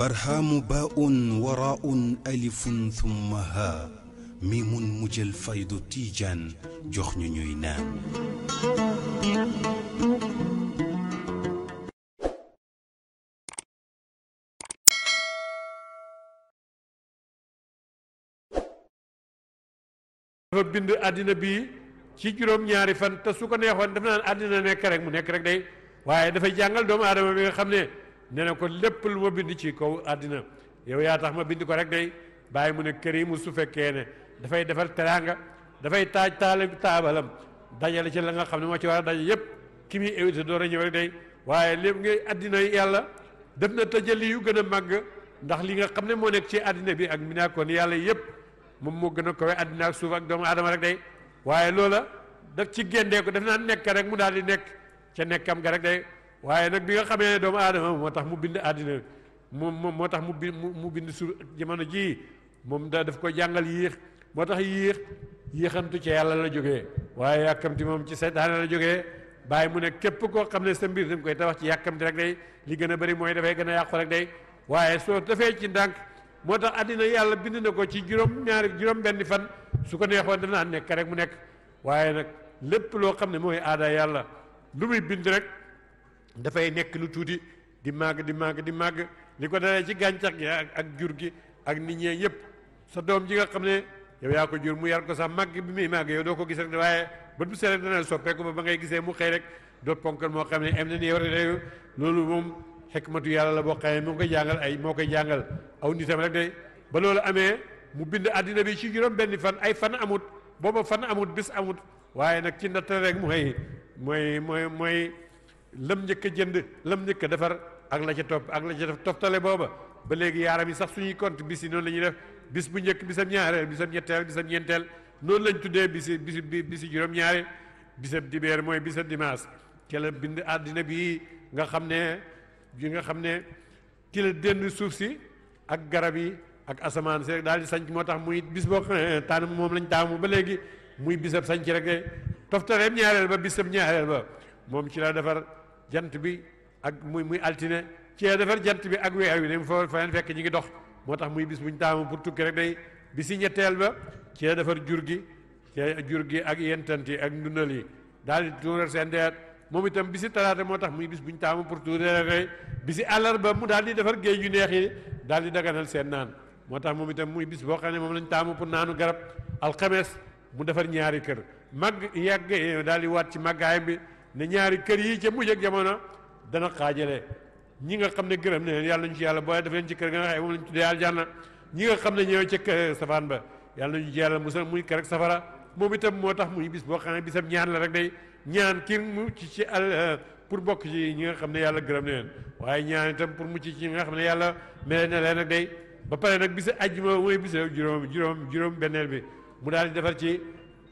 barhaamu baa'un waraa'un alifun faydu tiijaan ñu ñuy naan. dafa bind ci juróom-ñaari fan te su ko neexoon dafa naan àddina nekk rek mu nekk rek day waaye dafay jàngal doomu aadama bi nga xam ne. ne na ko lépp lu ma bind ci kaw àddina yow yaa tax ma bind ko rek day bàyyi mu ne kërimu su fekkee ne dafay defal teraanga dafay taaj taale taabalam dajale ci la nga xam ne moo ci war a daje yëpp ki muy évité door a ñëw day waaye lépp ngay àddina yàlla def na tëjali yu gën a màgg ndax li nga xam ne moo nekk ci àddina bi ak mi naa kon yàlla yëpp mu moo gën a kowe àddina ak suuf ak doomu aadama rek day waaye loola daf ci géndee ko def naa nekk rek mu daal di nekk ca nekkam ga rek day waye nak bi nga xamé doom aadama motax mu bind adina mu motax mu mu bind su jamono ji mom da daf ko jangal yiix motax yiix yiixantu ci yalla la joggé waye yakamti mom ci setan la joggé bàyyi mu ne kep ko xamné sa mbir da koy tawax ci yakamti rek day li gëna bari moy dafay gëna a rek day waye so defee ci ndànk motax adina yalla bind na ko ci juroom ñaar juroom benn fan su ko neexoon dana nek rek mu nek waye nak lepp lo xamné moy aada lu muy bind rek fay nek lu tuti di mag di mag di mag ni ko dara ci gantax gi ak jur gi ak nit ñee sa dom ji nga xamne ne yow ya ko jur mu yar ko sa mag bi mi mag yow do ko gis rek waye bët bu sere dana soppe ko ba ngay gisee mu xey rek do ponkal mo xamne ne na ni yow rek lolu mom hikmatu yalla la boo xam ne moo koy ay mo koy jangal aw nitam rek de ba lolu amé mu bind adina bi ci juroom benn fan ay fan amut booba fan amut bis amut waye nak ci natt rek mooy moy moy moy lam njëkk a jënd lam njëkk a defar ak la ca topp ak la ca def toftale booba ba léegi yaaram yi sax suñuy compte bis yi noonu la ñuy def bis bu njëkk bisam ñaareel bisam ñetteel bisam ñeenteel noonu lañ tuddee bisi bisi bisi juróom-ñaari bisab dibeer mooy bisab dimanche ci la bind àddina bi nga xam ne bi nga xam ne ci la suuf si ak garab yi ak asamaan si rek daal di sanc moo tax muy bis boo xam tànn moom lañ taamu ba léegi muy bisab sanc rek de toftaleem ñaareel ba bisab ñaareel ba moom ci la defar jant bi ak muy muy altine ci defar jant bi ak weer wi dem fa faneen fekk ñi ngi dox motax muy bis buñ taamu pour tukki rek day bi si ñetteel ba ci defar jur gi ci jur gi ak yentanti ak ndunal yi di tour sen deet moom itam bi si talaata muy bis buñ taamu pour tour rek bi si ba mu dal di defar géej yu neex yi di daganal sen naan motax tax itam muy bis bo xam mom lañ taamu pour naanu garab khamis mu defar ñaari kër mag yàgg dal di wat ci magay bi ne ñaari kër yi ca mujj ak jamono dana xaajale ñi nga xam ne gërëm ne leen yàlla ñu ci yàlla booy defee leen ci kër ga nga xay moom lañ nga xam ne ñooy ca safaan ba yàlla nañu ci yàlla musal muy kër safara moom itam moo tax muy bis boo xam ne bisam ñaan la rek day ñaan kii mu ci al pour bokk ci ñi nga xam ne yàlla gërëm ne leen waaye ñaan itam pour mucc ci nga xam ne yàlla mel na leen rek day ba pare nag bisu ajjuma mooy juróom juróom juróom bi mu daal di defar ci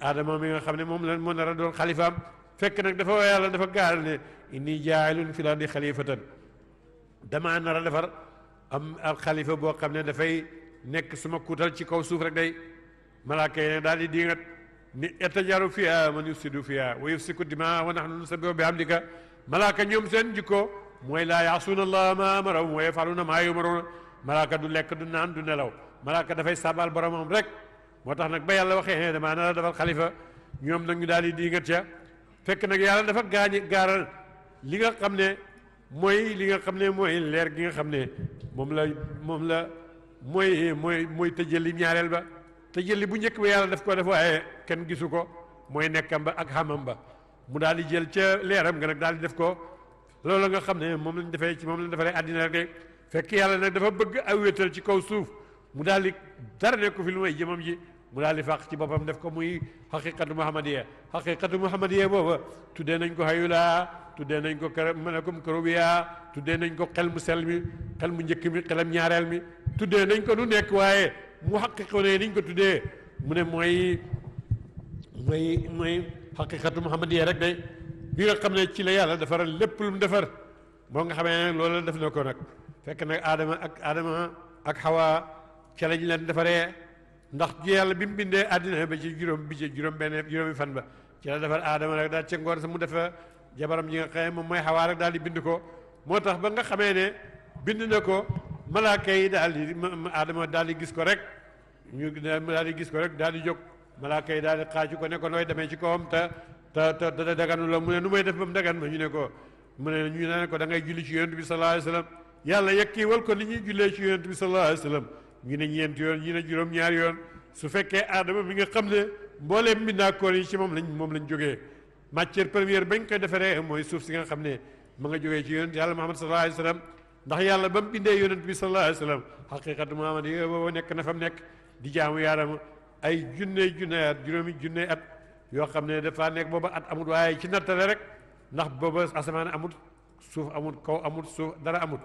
aadama mi nga xam ne moom la moo nar doon xalifaam fekk nag dafa yàlla dafa gaaral ne inni jaa'ilun fil ardi xalifatan damaa nar a defar am ab xalifa boo xam ne dafay nekk suma kuutal ci kaw suuf rek day malaaka yi ne daal di diingat ni etajaru fiha man yufsidu fiha wa yufsiku dimaa wa nahnu nusabbihu bi hamdika malaaka ñoom seen jikko mooy laa yaasuuna allah ma amarahum wa yafaluuna maa yumaruuna malaaka du lekk du naan du nelaw malaaka dafay sabal boromam rek moo tax nag ba yàlla waxee ne damaa nar a defar xalifa ñoom nag ñu daal di diingat ca fekk nag yàlla dafa gaañi gaaral li nga xam ne mooy li nga xam ne mooy leer gi nga xam ne moom la moom la mooy mooy mooy tëjëli ñaareel ba tëjëli bu njëkk ba yàlla def ko def waaye kenn gisu ko mooy nekkam ba ak xamam ba mu daal di jël ca leeram nga nag daal di def ko loolu nga xam ne moom lañ defee ci moom lañ defaree àddina rek fekk yàlla nag dafa bëgg a wéetal ci kaw suuf mu daal di dara nekku fi lu may jëmam ji mu daal di fàq ci boppam def ko muy xaqiqatu muhammadiya xaqiqatu muhammadiya booba tuddee nañ ko hayula tuddee nañ ko kër malakum karubiya tuddee nañ ko xel mu sel mi xel mu njëkk mi xelam ñaareel mi tuddee nañ ko nu nekk waaye mu xaqiqo ne niñ ko tuddee mu ne mooy mooy mooy xaqiqatu muhammadiya rek day bi nga xam ne ci la yàlla defaral lépp lu mu defar moo nga xamee ne loolu def na ko nag fekk nag aadama ak aadama ak xawa ca lañ leen defaree ndax yàlla bi mu bindee àddina ba ci juróom bi ci juróom benn juróomi fan ba ci la defar aadama rek daal ca ngoon sa mu defa jabaram ji nga xëy moom mooy xawaa rek daal di bind ko moo tax ba nga xamee ne bind na ko malaaka yi daal di aadama daal di gis ko rek ñu daal di gis ko rek daal di jóg malaaka yi daal di xaaju ko ne ko nooy demee ci kawam te te te daganu la mu ne nu may def ba mu dagan ma ñu ne ko mu ne ñu ne ko da ngay julli ci yonent bi sallallahu alayhi wa sallam yàlla yekkiwal ko ni ñuy jullee ci yonent bi sallallahu alayhi wa sallam ñu ne ñeenti yoon ñu ne juróom-ñaari yoon su fekkee adama mi nga xam ne mbooleem mbindaakoon yi ci moom lañ moom lañ jógee matière première bañ koy defaree mooy suuf si nga xam ne ma nga jógee ci yonent yàlla Muhammad sallallahu alayhi wa sallam ndax ba mu bindee yonent bi sallallahu alayhi wa sallam xaqiqatu nekk na fa nekk di jaamu yaadama ay junney junney at juróomi junney at yoo xam ne dafa nekk booba at amut waaye ci nattale rek ndax booba asamaan amut suuf amut kaw amut suuf dara amut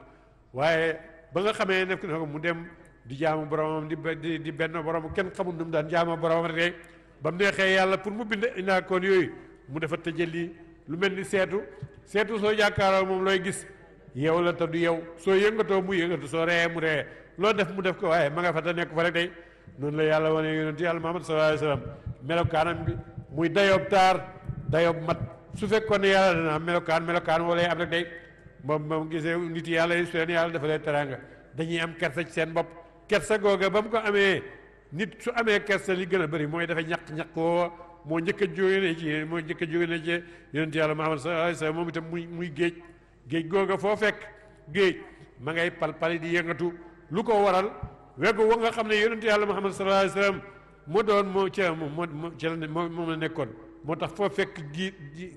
waaye ba nga xamee nekk na ko mu dem di jaamu boromam di di benn borom ken xamul num daan jaamu boromam rek bam nexé yalla pour mu bind inaakoon yoy mu defa tejeli lu melni setu setu so soo mom loy gis yow la te du yow so yengato mu yengato so re mu re lo def mu def ko waye ma nga fa ta nek fa rek day non la yàlla wane yonent yalla Muhammad sallallahu alaihi wasallam kanam bi muy dayob tar dayob mat su fekkone ne yàlla melo kan melo kan wolé am rek day mom mom gisé nit yalla yi sen yalla defalé teranga dañuy am kersa ci sen bop kersa goga bam ko amé nit su amé kersa li gëna bari moy dafa ñak ñak ko mo ñëk jóge ne ci mo ñëk a jóge ne ci yonent yàlla mahamad sa sa moom itam muy muy geej geej goga fo fek geej ma ngay pal di yëngatu lu ko waral weggu wa nga xamné ne yonent yàlla mahamad sallallahu alayhi wasallam mo doon ci mo mo ci la mo la nekkon moo tax foo fekk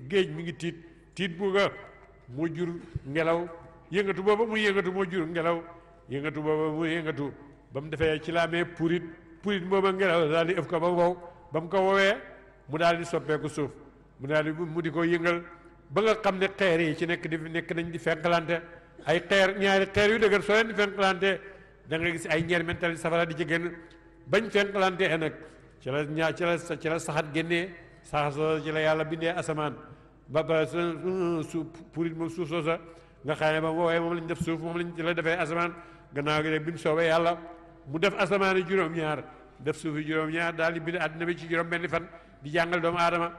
géej mi ngi tit tit bu ga mo jur ngelaw yëngatu bobu mu yëngatu mo jur ngelaw yëngatu bobu mu yëngatu ba mu defee ci la laamee purit purit booba ngelaw daal di ëf ko ba wow ba mu ko woowee mu daal di soppeeku suuf mu daal di mu di ko yëngal ba nga xam ne xeer yi ci nekk di nekk nañ di fenkalante ay xeer ñaari xeer yu dëgër soo leen di fenkalante da nga gis ay ñeer mentali safara di ci génn bañ fenkalante e nag ci la ñaa ci la ci la saxat génnee saxat soosa ci la yàlla bindee asamaan ba ba su purit moom suuf soosa nga xam ne ba woowee moom lañ def suuf moom lañ ci defee asamaan gannaaw gi nag bi mu soobee yàlla mu def asamaani juróom-ñaar def suufi juróom-ñaar daal di bind àddina bi ci juróom-benni fan di jàngal doomu aadama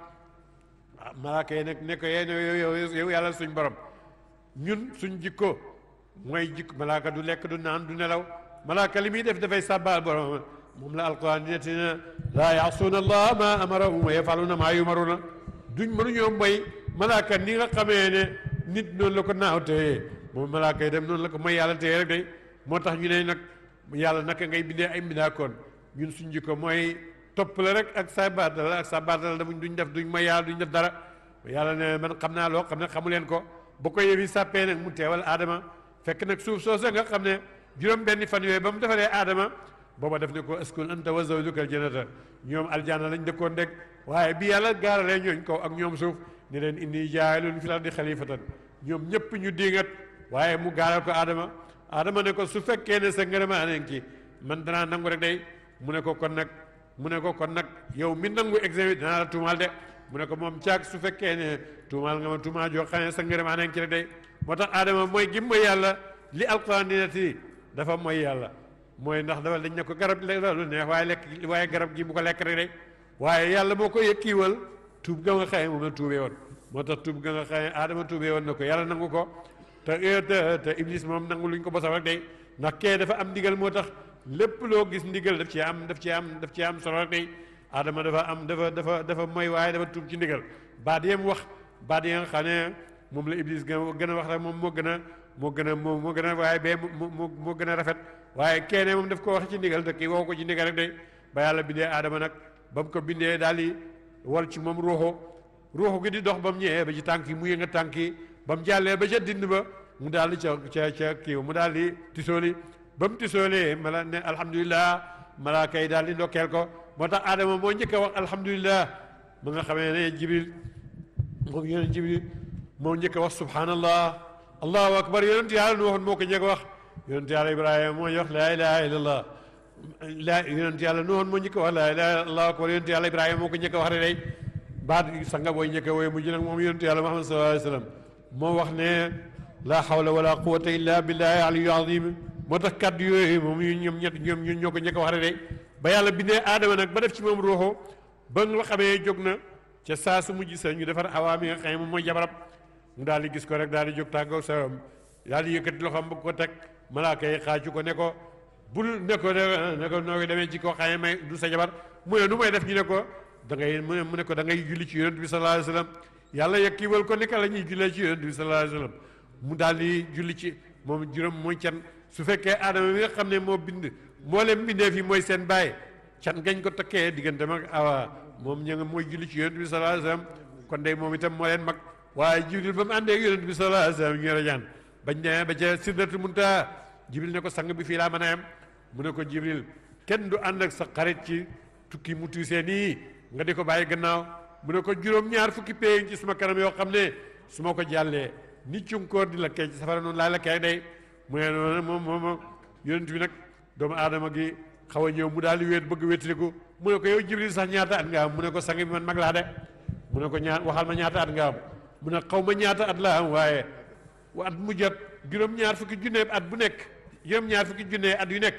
ah, malaaka yi nag ne ko yee yow yàlla suñ borom ñun suñ jikko mooy jikko malaaka du lekk du naan du nelaw malaaka li muy def dafay sàbbaal borom moom la alquran di netti na laa yaasuuna allah ma amarahum wa yafaluuna maa yumaruna duñ mënuñoo moy malaaka ni nga xamee ne nit noonu la ko naaw téye moom malaaka dem noonu la ko moy yàlla téye rek day moo tax ñu nag yàlla naka ngay bindee ay mbindaakoon ñun suñ jikko mooy topp la rek ak sa baat la ak sa baat la duñ def duñ ma yàlla duñ def dara yàlla ne man xam naa loo xam ne xamu leen ko ba ko yëwi sàppee nag mu teewal aadama fekk nag suuf soo soosa nga xam ne juróom benn fan yooyu ba mu defalee aadama booba def ne ko askun anta wa zawjuka aljannata ñoom aljanna lañ dëkkoon rek waaye bi yàlla gaaralee ñooñ kaw ak ñoom suuf ni leen indi jaayilun fil ardi xalifatan di ñëpp ñu diingat waaye mu gaaral ko Adama ne ko su fekkee ne sa ngërëma anen ki man danaa nangu rek day mu ne ko kon nag mu ne ko kon nag yow mi nangu examen danaa la tuumaal de mu ne ko moom caag su fekkee ne tuumaal nga ma tuumaal joo xam ne sa ngërëma anen ki rek day moo tax Adama mooy gim mooy yàlla li alquran dina dafa mooy yàlla mooy ndax dafa dañ ne ko garab lu neex waaye lekk waaye garab gi bu ko lekk rek day yàlla moo ko yëkkiiwal tuub ga nga xaye moom la tuubee woon moo tax tuub ga nga xaye Adama tuubee woon na ko yàlla nangu ko Eh, te te iblis moom nangu luñ ko bosam rek day ndax kee dafa am ndigal moo tax lépp loo gis ndigal daf ci am daf ci am daf ci am solo rek day adama dafa am dafa dafa dafa mooy waaye dafa tuub ci ndigal baat yem wax baat yi nga xam ne moom la iblis gën a wax rek moom moo gën a moo gën a moo moo a waaye bee moo moo gën a rafet waaye keene moom def ko wax ci ndigal te ki waxu ko ci ndigal rek day ba yàlla bindee aadama nag ba mu ko bindee daal di wal ci moom ruuxu ruuxu gi di dox ba mu ñëwee ba ci tànk yi mu yënga tànk yi ba mu jàllee ba ca dind ba mu daal di ca ca ca kiiw mu daal di tisooli ba mu tisoolee mala ne alhamdulilah malaaka yi daal di ndokkeel ko moo tax aadama moo njëkk a wax alhamdulilah mu nga xamee ne jibril moom yonent jibril moo njëkk a wax subhanallah allahu akbar yonent yàlla nu waxoon moo ko njëkk a wax yonent yàlla ibrahima moo wax laa ilaha illallah laa yonent yàlla nu waxoon moo njëkk a wax laa ilaha allahu akbar yonent yàlla ibrahima moo ko njëkk a wax rek baat sanga booy njëkk a wooye mujj nag moom yonent yàlla muhammad sallallahu alayhi wa sallam moo wax ne laa xawla wala quwata illa billahi aliyu azim moo tax kàddu yooyu moom ñu ñoom ñett ñoom ñun ñoo ko njëkk a wax rek ba yàlla bindee aadama nag ba def ci moom ruuxu ba nga xamee jóg na ca saa su mujj sa ñu defar awaa mi nga xam ne moom mooy jabarab mu daal di gis ko rek daal di jóg tàggoo sa daal di yëkkati loxoom bëgg ko teg malaaka yi xaaju ko ne ko bul ne ko ne ko noo demee ci koo xam ne may du sa jabar mu ne nu may def ñu ne ko da ngay mu ne mu ne ko da ngay julli ci yonent bi sallallahu alayhi wa sallam yàlla yëkkiwal ko neka la ñuy jullee ci yonent bi sallallahu alayhi wa sallam mu daal di julli ci moom juroom mooy can su fekkee aadama bi nga xam ne moo bind moo leen bindee fi mooy seen baay can gañ ko takkee diggante mag awa moom ña nga mooy julli ci yonent bi sallallahu alayhi wasallam kon day moom itam moo leen mag waaye jibril ba mu àndee ak yonent bi sallallahu alayhi wasallam ñu rajaan bañ ba ca sidratul munta jibril ne ko sang bi fii laa mën a yem mu ne ko jibril kenn du ànd ak sa xarit ci tukki mu tuusee nii nga di ko bàyyi gannaaw mu ne ko juróom ñaar fukki péeñ ci suma kanam yoo xam ne ko jàllee ni cunkoor di la kee ci safara noonu laa la kee day mu ne noonu moom moom yonent bi nag doomu aadama gi xaw a ñëw mu daal di wéet bëgg wéetiliku mu ne ko yow jibril sax ñaata at nga am mu ne ko sang bi man mag laa de mu ne ko ñaar waxal ma ñaata at nga am mu ne xaw ma ñaata at laa am waaye at mu jot juróom-ñaar fukki junne at bu nekk juróom-ñaar fukki junne at yu nekk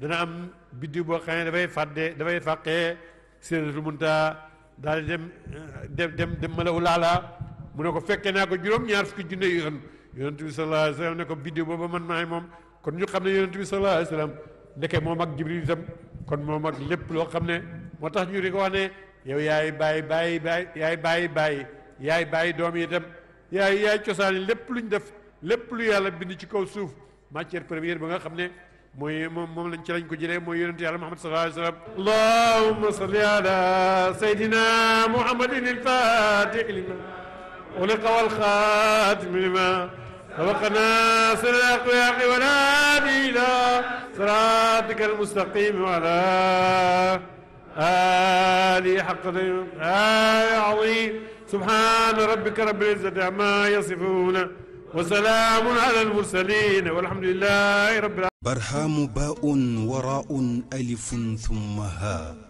dana am biddiw boo xam ne dafay fàdde dafay fàqee séerétu munta daal di dem eh, dem dem dem ma la ulaala mu ko fekke naa ko juróom ñaar fukki junne yoon yonent bi sallallahu alayhi wasallam sallam ne ko biddiw booba man may mom kon ñu xamné ne bi sallallahu alayhi wasallam sallam ndeke moom ak jibril tam kon moom ak lépp lo xamné motax ñu di ko wax ne yow yaay bàyyi bàyyi bàyyi yaay bàyyi bàyyi yaay bàyyi doom yi itam yaay yaay ciosan lépp luñ def lépp lu yàlla bind ci kaw suuf matière première ba nga xamné moy mom mom lañ ci lañ ko jëlé moy yoonte yàlla muhammad sallallahu alayhi wasallam allahumma salli ala sayidina muhammadin al fatih lima ولقى الخاتم لما سبق الناس الأقوياء والهادي إلى صراطك المستقيم وعلى آلي حق آية عظيم سبحان ربك رب العزة عما يصفون وسلام على المرسلين والحمد لله رب العالمين برهام باء وراء ألف ثم هاء